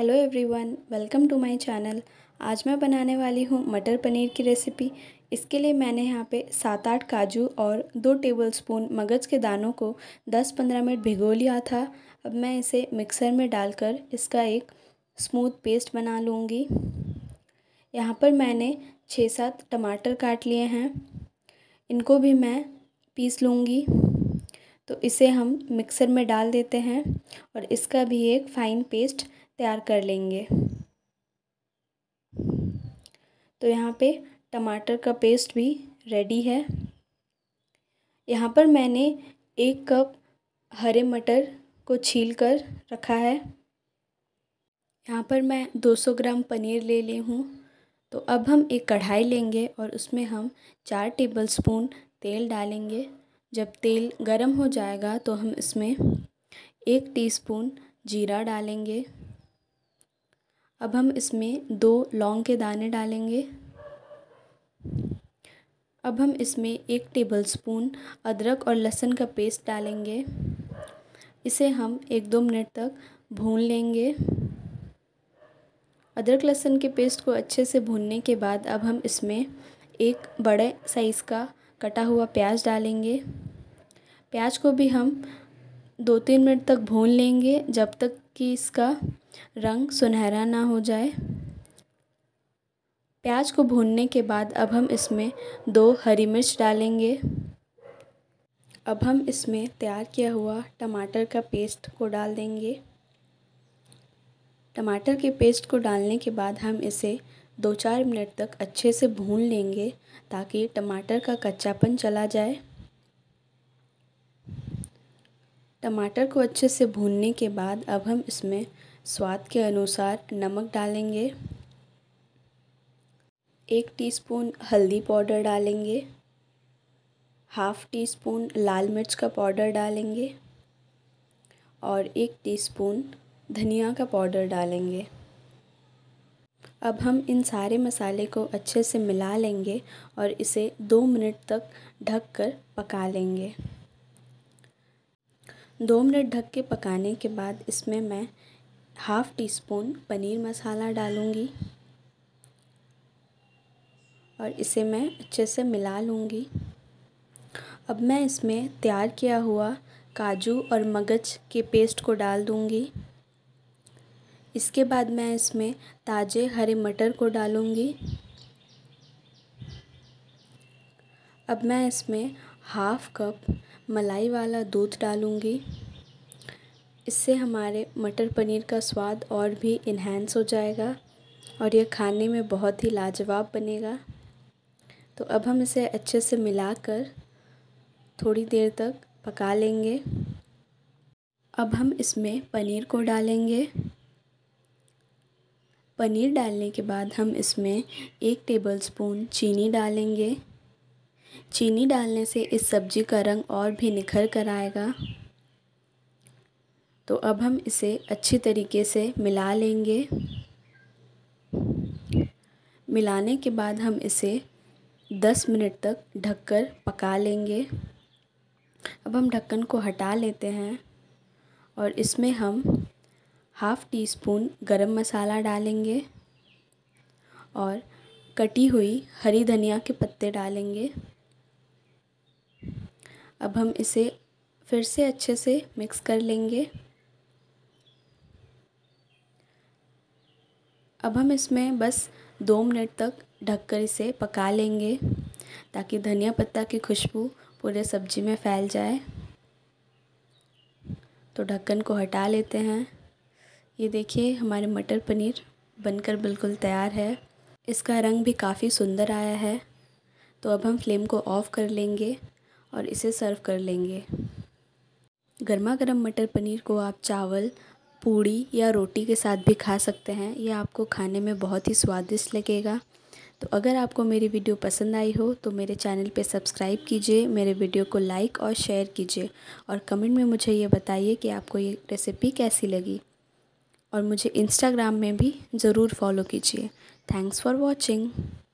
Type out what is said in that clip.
hello everyone welcome to my channel आज मैं बनाने वाली हूँ मटर पनीर की रेसिपी इसके लिए मैंने यहाँ पे सात आठ काजू और दो टेबलस्पून मगज के दानों को दस पंद्रह मिनट भिगो लिया था अब मैं इसे मिक्सर में डालकर इसका एक स्मूथ पेस्ट बना लूँगी यहाँ पर मैंने छः सात टमाटर काट लिए हैं इनको भी मैं पीस लूँगी तो इसे हम मिक्सर में डाल देते हैं और इसका भी एक फ़ाइन पेस्ट तैयार कर लेंगे तो यहाँ पे टमाटर का पेस्ट भी रेडी है यहाँ पर मैंने एक कप हरे मटर को छील कर रखा है यहाँ पर मैं 200 ग्राम पनीर ले ली हूँ तो अब हम एक कढ़ाई लेंगे और उसमें हम चार टेबलस्पून तेल डालेंगे जब तेल गर्म हो जाएगा तो हम इसमें एक टीस्पून जीरा डालेंगे अब हम इसमें दो लौंग के दाने डालेंगे अब हम इसमें एक टेबलस्पून अदरक और लहसुन का पेस्ट डालेंगे इसे हम एक दो मिनट तक भून लेंगे अदरक लहसुन के पेस्ट को अच्छे से भूनने के बाद अब हम इसमें एक बड़े साइज़ का कटा हुआ प्याज डालेंगे प्याज को भी हम दो तीन मिनट तक भून लेंगे जब तक कि इसका रंग सुनहरा ना हो जाए प्याज को भूनने के बाद अब हम इसमें दो हरी मिर्च डालेंगे अब हम इसमें तैयार किया हुआ टमाटर का पेस्ट को डाल देंगे टमाटर के पेस्ट को डालने के बाद हम इसे दो चार मिनट तक अच्छे से भून लेंगे ताकि टमाटर का कच्चापन चला जाए टमाटर को अच्छे से भूनने के बाद अब हम इसमें स्वाद के अनुसार नमक डालेंगे एक टीस्पून हल्दी पाउडर डालेंगे हाफ़ टी स्पून लाल मिर्च का पाउडर डालेंगे और एक टीस्पून धनिया का पाउडर डालेंगे अब हम इन सारे मसाले को अच्छे से मिला लेंगे और इसे दो मिनट तक ढककर पका लेंगे दो मिनट ढक के पकाने के बाद इसमें मैं हाफ़ टी स्पून पनीर मसाला डालूँगी और इसे मैं अच्छे से मिला लूँगी अब मैं इसमें तैयार किया हुआ काजू और मगज के पेस्ट को डाल दूँगी इसके बाद मैं इसमें ताज़े हरे मटर को डालूँगी अब मैं इसमें हाफ़ कप मलाई वाला दूध डालूँगी इससे हमारे मटर पनीर का स्वाद और भी इन्हेंस हो जाएगा और यह खाने में बहुत ही लाजवाब बनेगा तो अब हम इसे अच्छे से मिलाकर थोड़ी देर तक पका लेंगे अब हम इसमें पनीर को डालेंगे पनीर डालने के बाद हम इसमें एक टेबलस्पून चीनी डालेंगे चीनी डालने से इस सब्ज़ी का रंग और भी निखर कर आएगा तो अब हम इसे अच्छी तरीके से मिला लेंगे मिलाने के बाद हम इसे 10 मिनट तक ढककर पका लेंगे अब हम ढक्कन को हटा लेते हैं और इसमें हम हाफ़ टी स्पून गरम मसाला डालेंगे और कटी हुई हरी धनिया के पत्ते डालेंगे अब हम इसे फिर से अच्छे से मिक्स कर लेंगे अब हम इसमें बस दो मिनट तक ढककर इसे पका लेंगे ताकि धनिया पत्ता की खुशबू पूरे सब्जी में फैल जाए तो ढक्कन को हटा लेते हैं ये देखिए हमारे मटर पनीर बनकर बिल्कुल तैयार है इसका रंग भी काफ़ी सुंदर आया है तो अब हम फ्लेम को ऑफ़ कर लेंगे और इसे सर्व कर लेंगे गर्मा गर्म मटर पनीर को आप चावल पूड़ी या रोटी के साथ भी खा सकते हैं यह आपको खाने में बहुत ही स्वादिष्ट लगेगा तो अगर आपको मेरी वीडियो पसंद आई हो तो मेरे चैनल पे सब्सक्राइब कीजिए मेरे वीडियो को लाइक और शेयर कीजिए और कमेंट में मुझे ये बताइए कि आपको ये रेसिपी कैसी लगी और मुझे इंस्टाग्राम में भी ज़रूर फॉलो कीजिए थैंक्स फॉर वॉचिंग